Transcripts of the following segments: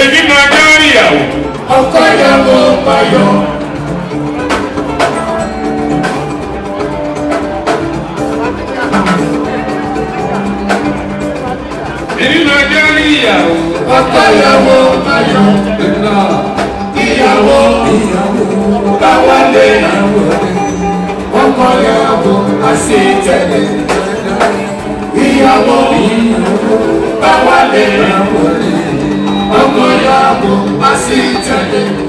èmi máa dárí ìyàwó. ọkọ ìyàwó payọ. èmi máa dárí ìyàwó. ọkọ ìyàwó payọ. ìyàwó ìyàwó báwa lé ṣẹlẹ̀ ìyàwó báwa lè ọmọ ìyàwó bá sì tẹ̀lé. Ìyàwó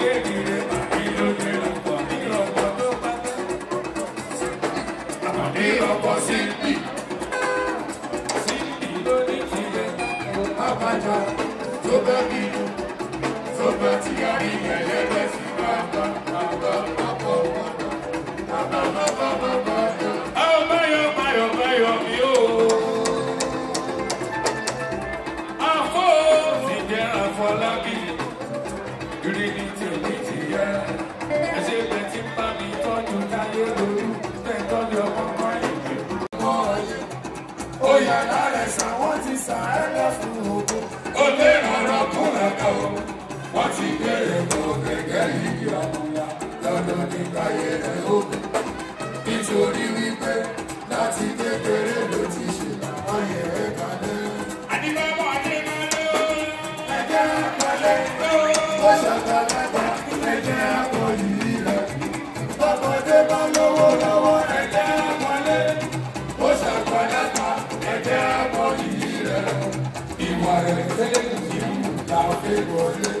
bájọ tó bá bínú tó bá ti yára ilẹ̀ lẹ́gbẹ̀ẹ́ sí bàbá bàbá bàbá bàbá bàbá bàbá yọ. àwọn báyọ̀ báyọ̀ báyọ̀ mi ò. àfọ̀ ti jẹ́ àfọlábí rí ní tèmi ti yá. ẹ ìdí ọ̀nà lọ́dún ní káyé rẹ̀ ó kù. Nítorí wípé láti kékeré ló ti ṣe ọyẹ ẹ̀ka náà. Adébábọ̀ Adébábọ̀ ẹ̀jẹ̀ àpọ̀lẹ̀ ó ṣàkàlẹ̀ ẹ̀jẹ̀ àpọ̀lì rẹ̀. Tọkọdé bá lówó lọ́wọ́ ẹ̀jẹ̀ àpọ̀lẹ̀ ó ṣàkàlẹ̀ ẹ̀jẹ̀ àpọ̀lì rẹ̀. Ìwà rẹ̀ tẹ́lẹ̀ ìmúta fẹ́ wọlé.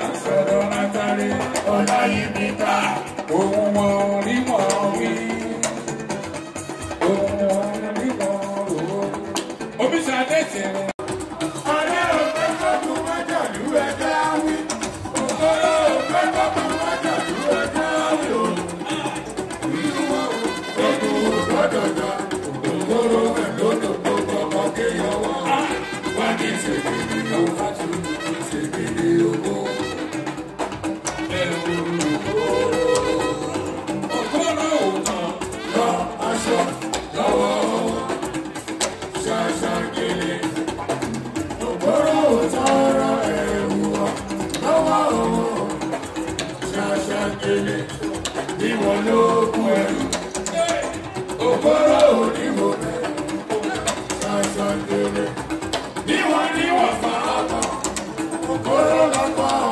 sọ̀rọ̀ látàrí Ọláyímiká ohun wọn ò rí mọ̀ wí. ohun wọn ò rí mọ̀ wò. omi ṣàdé tẹ̀wọ̀n. lókun ẹrù ògbóró òdìbò ṣàṣàndèrè bí wọ́n ní wọ́n fà á tán ògbóró lọ́pọ̀.